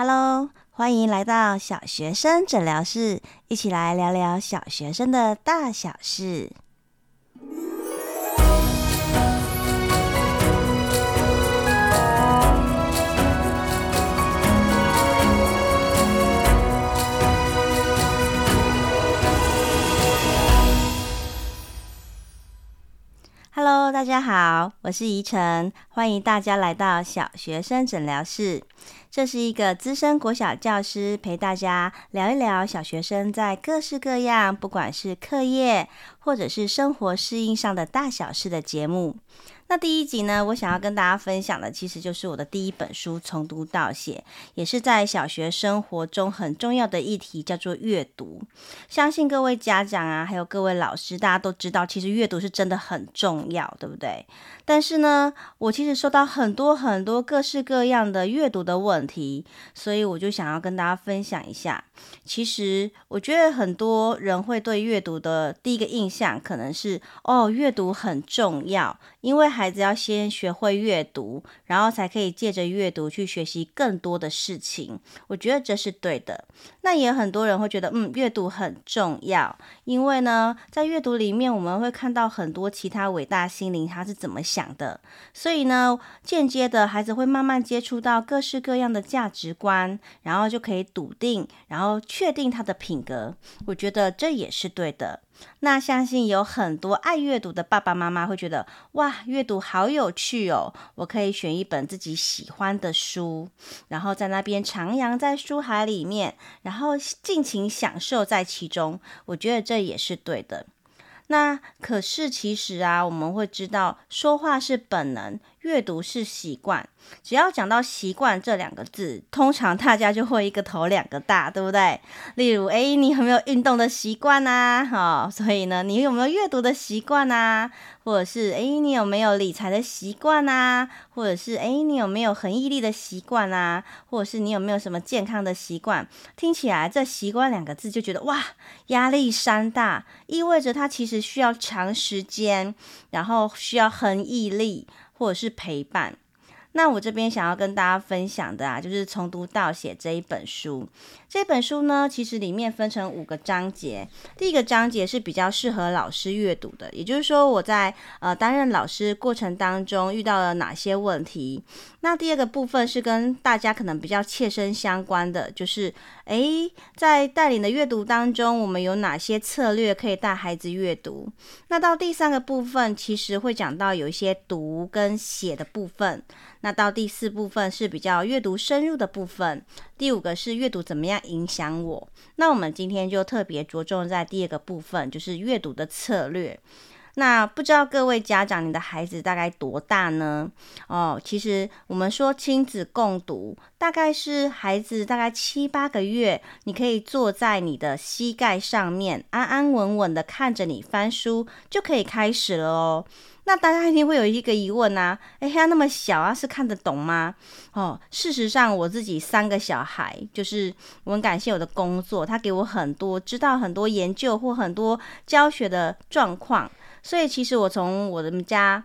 Hello，歡迎來到小學生診聊室，一起來聊聊小學生的大小事。Hello，大家好，我是怡辰，歡迎大家來到小學生診聊室。這是一個資深國小教師，陪大家聊一聊小學生在各式各樣，不管是課業或者是生活適應上的大小事的節目。那第一集呢，我想要跟大家分享的，其實就是我的第一本書《從讀到寫》，也是在小學生活中很重要的議題，叫做閱讀。相信各位家長啊，還有各位老師，大家都知道，其實閱讀是真的很重要，對不對？但是呢，我其實收到很多很多各式各樣的閱讀的問題。題，所以我就想要跟大家分享一下。其實，我覺得很多人會對閱讀的第一個印象，可能是哦，閱讀很重要。因為孩子要先學會閱讀，然後才可以借着閱讀去學習更多的事情。我覺得這是對的。那也有很多人會覺得，嗯，閱讀很重要，因為呢，在閱讀裡面我們會看到很多其他偉大心靈他是怎麼想的，所以呢，間接的孩子會慢慢接觸到各式各樣的價值觀，然後就可以篤定，然後確定他的品格。我覺得這也是對的。那相信有很多愛閱讀的爸爸媽媽會覺得，哇。啊，閱讀好有趣哦！我可以選一本自己喜歡的書，然後在那邊徜徉在書海裡面，然後盡情享受在其中。我覺得這也是對的。那可是其實啊，我們會知道說話是本能。閱讀是習慣，只要講到習慣這兩個字，通常大家就會一個頭兩個大，對不對？例如，哎、欸，你有沒有運動的習慣啊？」「哦，所以呢，你有沒有閱讀的習慣啊？」「或者是，哎、欸，你有沒有理財的習慣啊？」「或者是，哎、欸，你有沒有恆毅力的習慣啊？」「或者是你有沒有什麼健康的習慣？聽起來這習慣兩個字就覺得哇，壓力山大，意味着它其實需要長時間，然後需要恆毅力。或者是陪伴，那我這邊想要跟大家分享的啊，就是從讀到寫這一本書。這本書呢，其實裡面分成五個章節。第一個章節是比較適合老師閱讀的，也就是說我在呃擔任老師過程當中遇到了哪些問題。那第二個部分是跟大家可能比較切身相關的，就是誒，在帶領的閱讀當中，我們有哪些策略可以帶孩子閱讀？那到第三個部分，其實會講到有一些讀跟寫的部分。那到第四部分是比較閱讀深入的部分。第五個是閱讀怎麼樣影響我？那我們今天就特別着重在第二個部分，就是閱讀的策略。那不知道各位家長，你的孩子大概多大呢？哦，其實我們說親子共讀，大概是孩子大概七八個月，你可以坐在你的膝蓋上面，安安穩穩的看着你翻書，就可以開始了哦。那大家一定會有一個疑問啊，哎，他那麼小啊，是看得懂嗎？哦，事實上我自己三個小孩，就是我很感謝我的工作，他給我很多知道很多研究或很多教學的狀況，所以其實我從我們家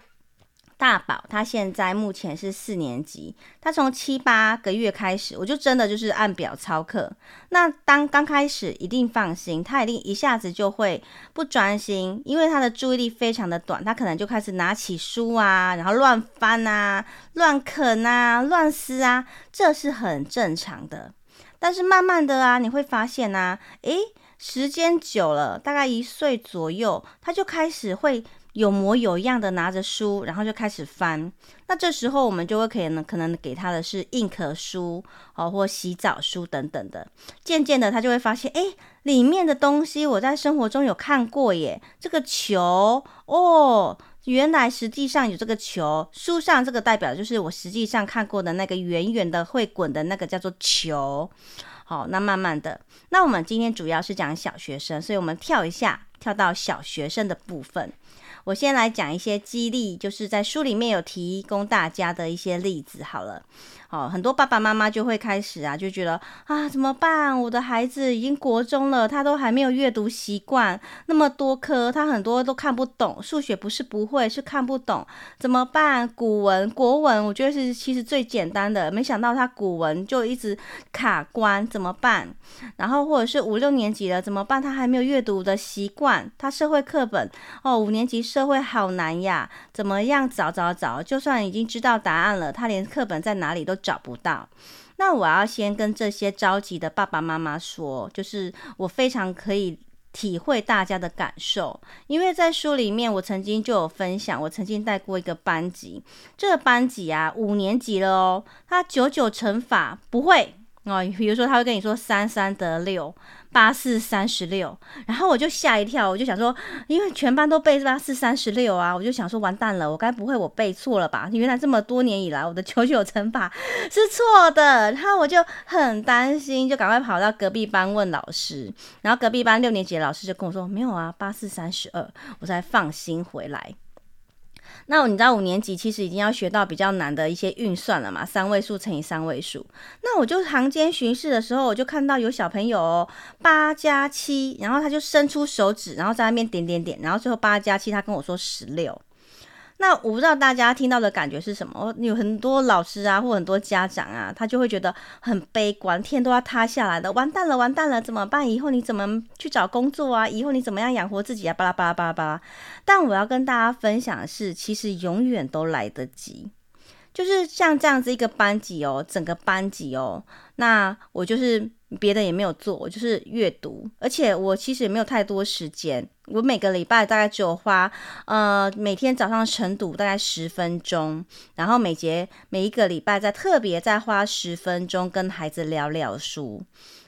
大寶他現在目前是四年級，他從七八個月開始，我就真的就是按表操課。那當剛開始一定放心，他一定一下子就會不專心，因為他的注意力非常的短，他可能就開始拿起書啊，然後亂翻啊，亂啃啊，亂撕啊，這是很正常的。但是慢慢的啊，你會發現啊，誒，時間久了，大概一歲左右，他就開始會。有模有樣的拿着書，然後就開始翻。那這時候我們就會可能可能給他的是硬殼書哦，或洗澡書等等的。漸漸的他就會發現，誒、欸，裡面的東西我在生活中有看過耶。這個球哦，原來實際上有這個球。書上這個代表就是我實際上看過的那個圓圓的會滾的那個叫做球。好，那慢慢的，那我們今天主要是講小學生，所以我們跳一下，跳到小學生的部分。我先來講一些激勵，就是在書裡面有提供大家的一些例子，好了。哦，很多爸爸媽媽就會開始啊，就覺得啊，怎麼辦？我的孩子已經國中了，他都還沒有閱讀習慣，那麼多科，他很多都看不懂。數學不是不會，是看不懂，怎麼辦？古文、國文，我覺得是其實最簡單的。沒想到他古文就一直卡關，怎麼辦？然後或者是五六年級了，怎麼辦？他還沒有閱讀的習慣，他社會課本，哦，五年級社會好難呀，怎麼樣找找找？就算已經知道答案了，他連課本在哪裡都。找不到，那我要先跟這些着急的爸爸媽媽說，就是我非常可以體會大家的感受，因為在書裡面我曾經就有分享。我曾經帶過一個班級，這個班級啊五年級了哦、喔，他九九乘法不會。哦，比如說他會跟你說“三三得六，八四三十六”，然後我就嚇一跳，我就想說，因為全班都背“八四三十六”啊，我就想說完蛋了，我該不會我背錯了吧？原來這麼多年以來，我的九九乘法是錯的，然後我就很擔心，就趕快跑到隔壁班問老師，然後隔壁班六年級的老師就跟我說：“沒有啊，八四三十二。”我才放心回來。那你知道五年級其實已經要學到比較難的一些運算了嘛，三位數乘以三位數。那我就行間巡視的時候，我就看到有小朋友八加七，然後他就伸出手指，然後在那邊點點點，然後最後八加七，他跟我說十六。那我不知道大家聽到的感覺是什麼？有很多老師啊，或很多家長啊，他就會覺得很悲觀，天都要塌下來的。完蛋了，完蛋了，怎麼辦？以後你怎麼去找工作啊？以後你怎麼樣養活自己啊？巴拉巴拉巴拉巴拉。但我要跟大家分享的是，其實永遠都來得及。就是像這樣子一個班級哦，整個班級哦。那我就是別的也沒有做，我就是閱讀，而且我其實也沒有太多時間。我每個禮拜大概只有花，呃，每天早上晨讀大概十分鐘，然後每節每一個禮拜再特別再花十分鐘跟孩子聊聊書。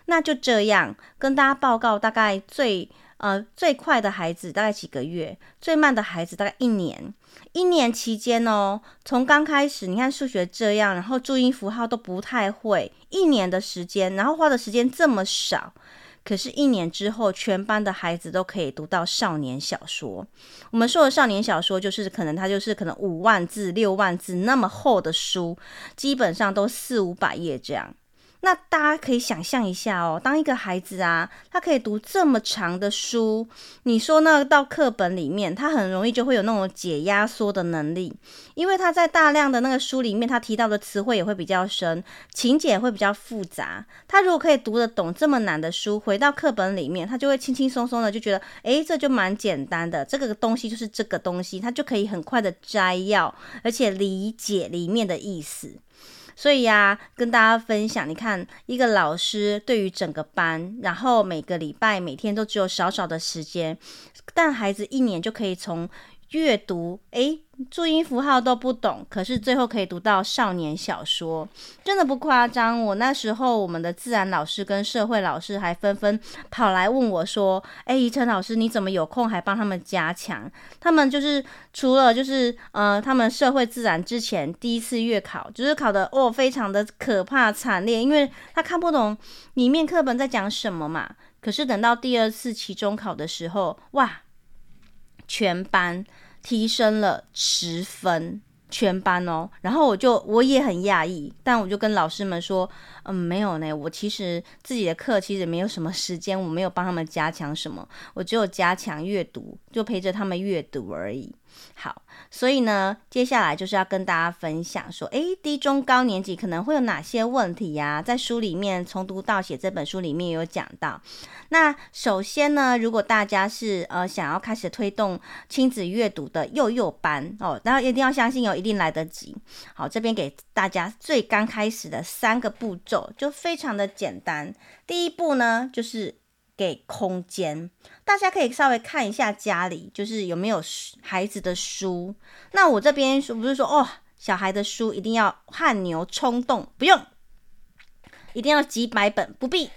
那就這樣跟大家報告，大概最。呃，最快的孩子大概幾個月，最慢的孩子大概一年。一年期間哦，從剛開始你看數學這樣，然後注音符號都不太會。一年的時間，然後花的時間這麼少，可是，一年之後，全班的孩子都可以讀到少年小說。我們說的少年小說，就是可能他就是可能五萬字、六萬字那麼厚的書，基本上都四五百頁這樣。那大家可以想象一下哦，當一個孩子啊，他可以讀這麼長的書，你說呢？到課本裡面，他很容易就會有那種解壓縮的能力，因為他在大量的那個書裡面，他提到的詞彙也會比較深，情節也會比較複雜。他如果可以讀得懂這麼難的書，回到課本裡面，他就會輕輕鬆鬆的就覺得，誒、欸，這就蠻簡單的，這個東西就是這個東西，他就可以很快的摘要，而且理解裡面的意思。所以呀、啊，跟大家分享，你看一個老師對於整個班，然後每個禮拜、每天都只有少少的時間，但孩子一年就可以從閱讀，誒、欸。注音符號都不懂，可是最後可以讀到少年小說，真的不誇張。我那時候，我們的自然老師跟社會老師還紛紛跑來問我說：“誒，怡辰老師，你怎麼有空還幫他們加強？他們就是除了就是呃，他們社會自然之前第一次月考，就是考得哦，非常的可怕慘烈，因為他看不懂裡面課本在講什麼嘛。可是等到第二次期中考的時候，哇，全班。”提升了十分，全班哦。然後我就我也很訝異，但我就跟老師們說，嗯，沒有呢。我其實自己的課其實沒有什麼時間，我沒有幫他們加強什麼，我只有加強閱讀，就陪着他們閱讀而已。好。所以呢，接下來就是要跟大家分享說，欸，低中高年級可能會有哪些問題呀？在書裡面，從讀到寫這本書裡面有講到。那首先呢，如果大家是呃想要開始推動親子閱讀的幼幼班哦，大家一定要相信有一定來得及。好，這邊給大家最剛開始的三個步驟，就非常的簡單。第一步呢，就是。給空間，大家可以稍微看一下家裡，就是有沒有孩子的書。那我這邊是不是說哦，小孩的書一定要汗牛充棟，不用，一定要幾百本，不必。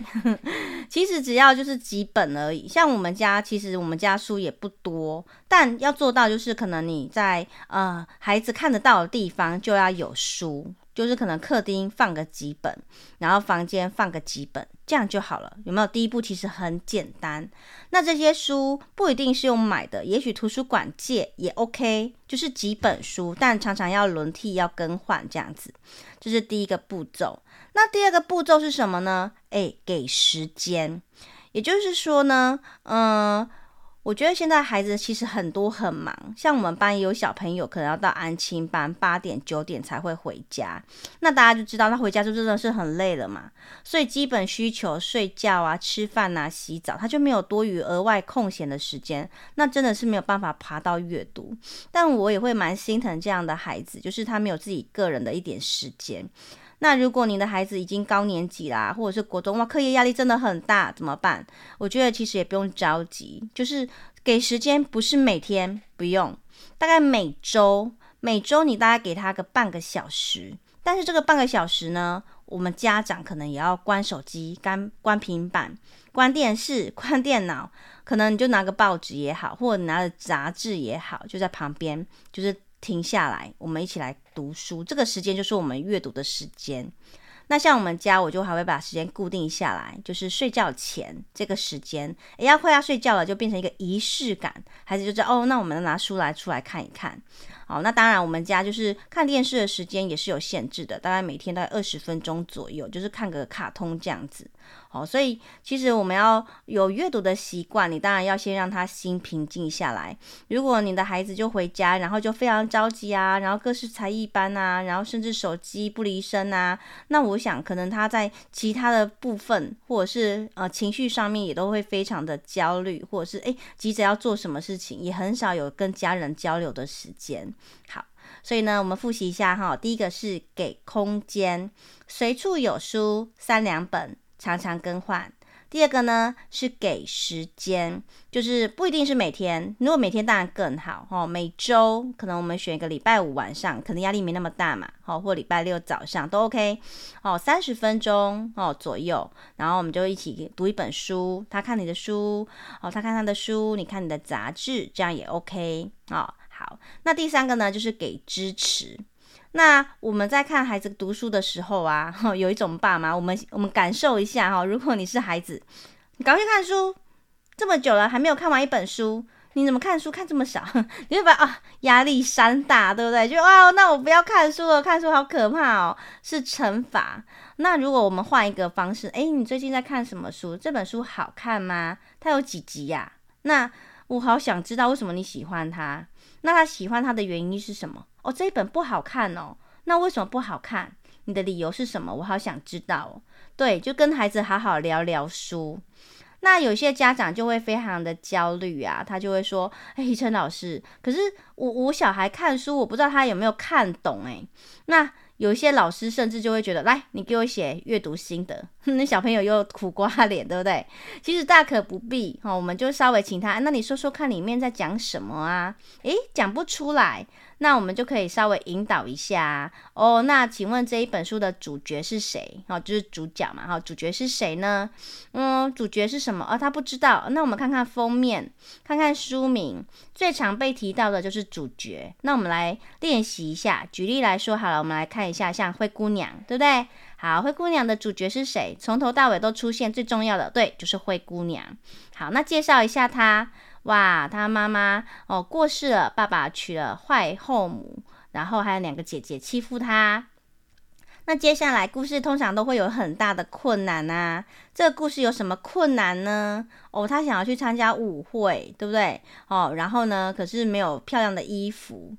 其實只要就是幾本而已。像我們家，其實我們家書也不多，但要做到就是可能你在呃孩子看得到的地方就要有書，就是可能客廳放個幾本，然後房間放個幾本。這樣就好了，有沒有？第一步其實很簡單。那這些書不一定是用買的，也許圖書館借也 OK，就是幾本書，但常常要輪替，要更換，這樣子。這是第一個步驟。那第二個步驟是什麼呢？誒，給時間。也就是說呢，嗯、呃。我覺得現在孩子其實很多很忙，像我們班也有小朋友可能要到安親班八點九點才會回家，那大家就知道他回家就真的是很累了嘛。所以基本需求睡覺啊、吃飯啊、洗澡，他就沒有多餘額外空閒的時間，那真的是沒有辦法爬到閱讀。但我也會蠻心疼這樣的孩子，就是他沒有自己個人的一點時間。那如果你的孩子已經高年級啦，啊，或者是國中，哇，課業壓力真的很大，怎麼辦？我覺得其實也不用着急，就是給時間，不是每天，不用，大概每周，每周你大概給他個半個小時。但是這個半個小時呢，我們家長可能也要關手機、關關平板、關電視、關電腦，可能你就拿個報紙也好，或者拿個雜誌也好，就在旁邊，就是。停下來，我們一起來讀書。這個時間就是我們閱讀的時間。那像我們家，我就還會把時間固定下來，就是睡覺前這個時間，哎呀，要快要睡覺了，就變成一個儀式感，孩子就知道哦，那我們拿書來出來看一看。好，那當然，我們家就是看電視的時間也是有限制的，大概每天大概二十分鐘左右，就是看個卡通這樣子。好，所以其實我們要有閱讀的習慣，你當然要先讓他心平靜下來。如果你的孩子就回家，然後就非常着急啊，然後各式才藝班啊，然後甚至手機不離身啊，那我想可能他在其他的部分或者是呃情緒上面也都會非常的焦慮，或者是誒、欸、急着要做什麼事情，也很少有跟家人交流的時間。好，所以呢，我們複習一下哈。第一個是給空間，隨處有書三兩本，常常更換。第二個呢是給時間，就是不一定是每天，如果每天當然更好哈。每週可能我們選一個禮拜五晚上，可能壓力沒那麼大嘛，好，或禮拜六早上都 OK。哦，三十分鐘哦左右，然後我們就一起讀一本書，他看你的書，哦，他看他的書，你看你的雜誌，這樣也 OK 哦。好，那第三個呢，就是給支持。那我們在看孩子讀書的時候啊，哦、有一種爸媽，我們我們感受一下哈、哦。如果你是孩子，你剛去看書這麼久了，還沒有看完一本書，你怎麼看書看這麼少？ 你會把啊、哦、壓力山大，對不對？就啊、哦，那我不要看書了，看書好可怕哦，是懲罰。那如果我們換一個方式，哎，你最近在看什麼書？這本書好看嗎？它有幾集呀、啊？那我好想知道為什麼你喜歡它。那他喜歡他的原因是什麼？哦，這一本不好看哦。那為什麼不好看？你的理由是什麼？我好想知道哦。對，就跟孩子好好聊聊書。那有些家長就會非常的焦慮啊，他就會說：“誒，怡辰老師，可是我我小孩看書，我不知道他有沒有看懂誒。那。有些老師甚至就會覺得，來，你給我寫閱讀心得，那 小朋友又苦瓜臉，對不對？其實大可不必哈，我們就稍微請他，啊、那你說說看裡面在講什麼啊？誒、欸，講不出來。那我們就可以稍微引導一下哦。那請問這一本書的主角是誰？好、哦，就是主角嘛。好、哦，主角是誰呢？嗯，主角是什麼？哦，他不知道。那我們看看封面，看看書名，最常被提到的就是主角。那我們來練習一下。舉例來說，好了，我們來看一下，像灰姑娘，對不對？好，灰姑娘的主角是誰？從頭到尾都出現，最重要的，對，就是灰姑娘。好，那介紹一下她。哇，他媽媽哦過世了，爸爸娶了壞後母，然後還有兩個姐姐欺負他。那接下來故事通常都會有很大的困難啊。這個故事有什麼困難呢？哦，他想要去參加舞會，對不對？哦，然後呢，可是沒有漂亮的衣服。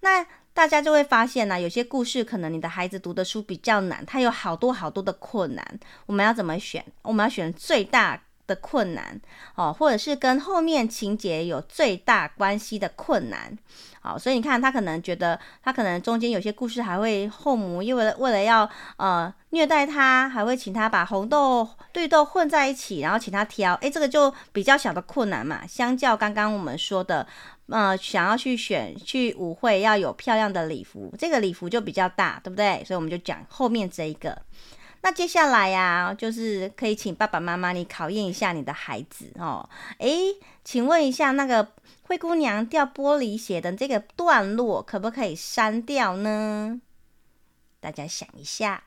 那大家就會發現呢，有些故事可能你的孩子讀的書比較難，他有好多好多的困難。我們要怎麼選？我們要選最大。的困難哦，或者是跟後面情節有最大關係的困難，好，所以你看他可能覺得他可能中間有些故事還會後母因為為了要呃虐待他，還會請他把紅豆綠豆混在一起，然後請他挑，誒、欸，這個就比較小的困難嘛，相較剛剛我們說的呃想要去選去舞會要有漂亮的禮服，這個禮服就比較大，對不對？所以我們就講後面這一個。那接下來呀、啊，就是可以請爸爸媽媽你考驗一下你的孩子哦。哎，請問一下，那個《灰姑娘》掉玻璃鞋的這個段落，可不可以刪掉呢？大家想一下。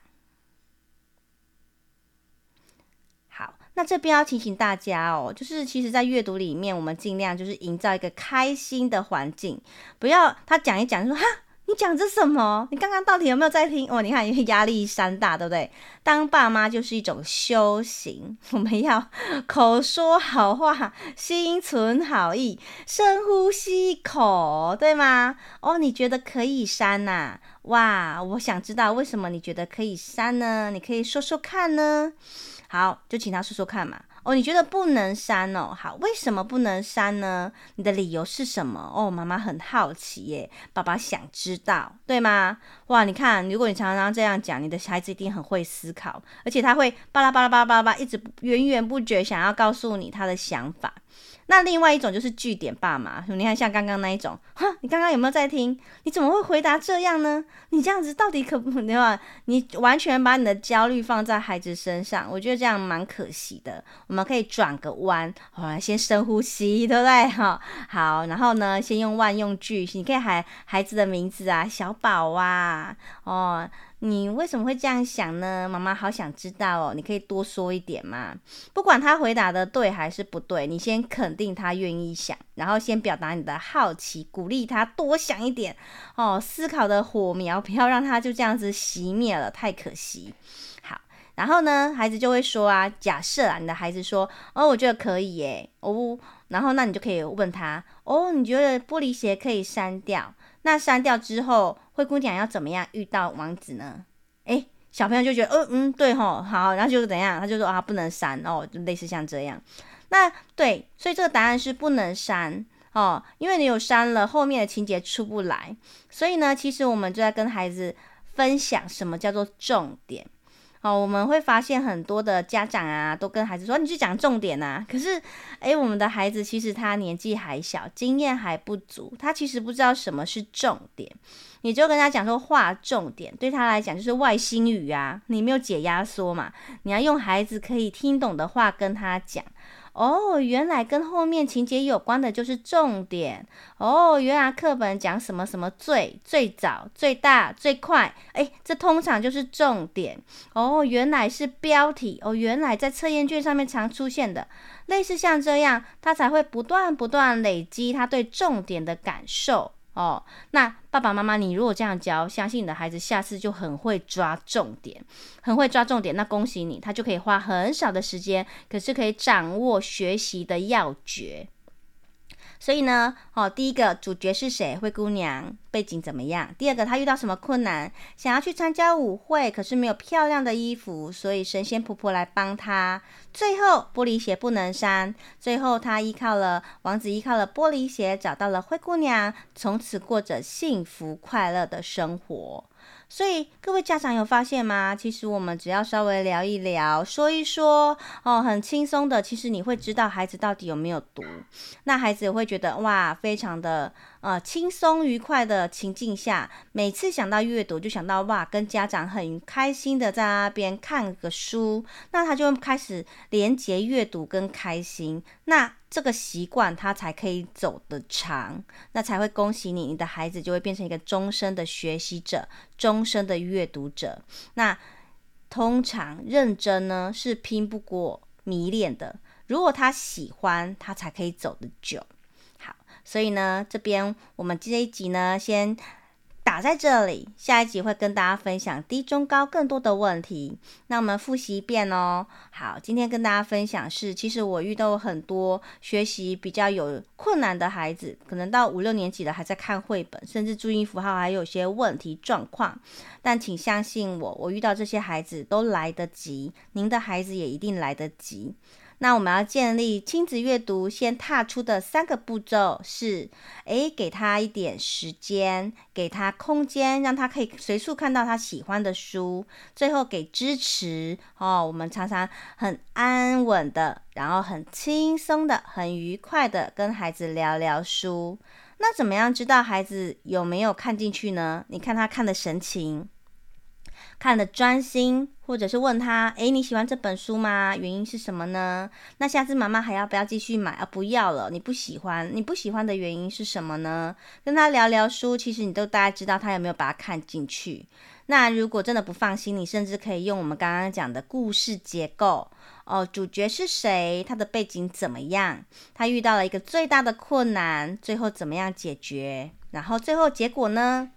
好，那這邊要提醒大家哦，就是其實，在閱讀裡面，我們盡量就是營造一個開心的環境，不要他講一講就說哈。你講着什麼？你剛剛到底有沒有在聽？哦，你看因為壓力山大，對不對？當爸媽就是一種修行，我們要口說好話，心存好意，深呼吸口，對嗎？哦，你覺得可以刪吶、啊？哇，我想知道為什麼你覺得可以刪呢？你可以說說看呢？好，就請他說說看嘛。哦，你覺得不能刪哦？好，為什麼不能刪呢？你的理由是什麼？哦，媽媽很好奇耶，爸爸想知道，對嗎？哇，你看，如果你常常這樣講，你的孩子一定很會思考，而且他會巴拉巴拉巴拉巴拉一直源源不絕想要告訴你他的想法。那另外一種就是句點爸媽，你看像剛剛那一種，哼，你剛剛有沒有在聽？你怎麼會回答這樣呢？你這樣子到底可不，你你完全把你的焦慮放在孩子身上，我覺得這樣蠻可惜的。我們可以轉個彎，哦，先深呼吸，對不對？哈、哦，好，然後呢，先用萬用句，你可以喊孩子的名字啊，小寶啊，哦。你為什麼會這樣想呢？媽媽好想知道哦，你可以多說一點嗎？不管他回答的對還是不對，你先肯定他願意想，然後先表達你的好奇，鼓勵他多想一點哦。思考的火苗不要讓他就這樣子熄滅了，太可惜。好，然後呢，孩子就會說啊，假設啊，你的孩子說哦，我覺得可以耶，哦，然後那你就可以問他哦，你覺得玻璃鞋可以刪掉？那刪掉之後，灰姑娘要怎麼樣遇到王子呢？誒、欸，小朋友就覺得，嗯、呃、嗯，對吼，好，然後就是怎樣，他就說啊，不能刪哦，就類似像這樣。那對，所以這個答案是不能刪哦，因為你有刪了，後面的情節出不來。所以呢，其實我們就在跟孩子分享什麼叫做重點。好，我們會發現很多的家長啊，都跟孩子說：“你去講重點吶、啊。”可是，誒、欸，我們的孩子其實他年紀還小，經驗還不足，他其實不知道什麼是重點。你就跟他講說畫重點，對他來講就是外星語啊！你沒有解壓縮嘛？你要用孩子可以聽懂的話跟他講。哦，原來跟後面情節有關的就是重點。哦，原來課本講什麼什麼，最最早、最大、最快。誒，這通常就是重點。哦，原來是標題。哦，原來在測驗卷上面常出現的，類似像這樣，他才會不斷不斷累積他對重點的感受。哦，那爸爸媽媽，你如果這樣教，相信你的孩子下次就很會抓重點。很會抓重點。那恭喜你，他就可以花很少的時間，可是可以掌握學習的要訣。所以呢，哦，第一個主角是誰？灰姑娘，背景怎麼樣？第二個，她遇到什麼困難？想要去參加舞會，可是沒有漂亮的衣服，所以神仙婆婆來幫她。最後，玻璃鞋不能刪。最後，她依靠了，王子依靠了玻璃鞋，找到了灰姑娘，從此過着幸福快樂的生活。所以各位家長有發現嗎？其實我們只要稍微聊一聊，說一說哦，很輕鬆的。其實你會知道孩子到底有沒有讀。那孩子也會覺得哇，非常的呃輕鬆愉快的情境下，每次想到閱讀就想到哇，跟家長很開心的在那邊看個書，那他就開始連結閱讀跟開心。那這個習慣，他才可以走得長，那才會恭喜你，你的孩子就會變成一個終身的學習者，終身的閱讀者。那通常認真呢，是拼不過迷戀的。如果他喜歡，他才可以走得久。好，所以呢，這邊我們這一集呢，先。打在這裡，下一集會跟大家分享低、中、高更多的問題。那我們複習一遍哦。好，今天跟大家分享是，其實我遇到很多學習比較有困難的孩子，可能到五六年級了還在看繪本，甚至注音符號還有些問題狀況。但請相信我，我遇到這些孩子都來得及，您的孩子也一定來得及。那我們要建立親子閱讀，先踏出的三個步驟是：誒，給他一點時間，給他空間，讓他可以隨處看到他喜歡的書；最後給支持哦。我們常常很安穩的，然後很輕鬆的，很愉快的跟孩子聊聊書。那怎麼樣知道孩子有沒有看進去呢？你看他看的神情。看得專心，或者是問他，誒，你喜歡這本書嗎？原因是什麼呢？那下次媽媽還要不要繼續買？啊，不要了，你不喜歡，你不喜歡的原因是什麼呢？跟他聊聊書，其實你都大概知道他有沒有把它看進去。那如果真的不放心，你甚至可以用我們剛剛講的故事結構哦，主角是誰？他的背景怎麼樣？他遇到了一個最大的困難，最後怎麼樣解決？然後最後結果呢？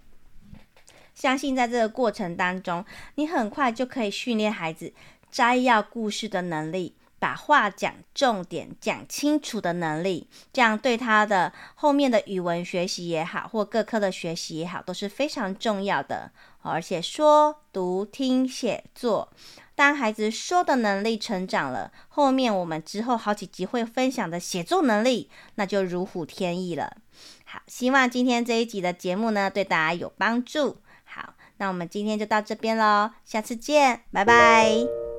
相信在這個過程當中，你很快就可以訓練孩子摘要故事的能力，把話講重點、講清楚的能力。這樣對他的後面的語文學習也好，或各科的學習也好，都是非常重要的。而且說、讀、聽、寫、作，當孩子說的能力成長了，後面我們之後好幾集會分享的寫作能力，那就如虎添翼了。好，希望今天這一集的節目呢，對大家有幫助。那我們今天就到這邊嘍，下次見，拜拜。拜拜。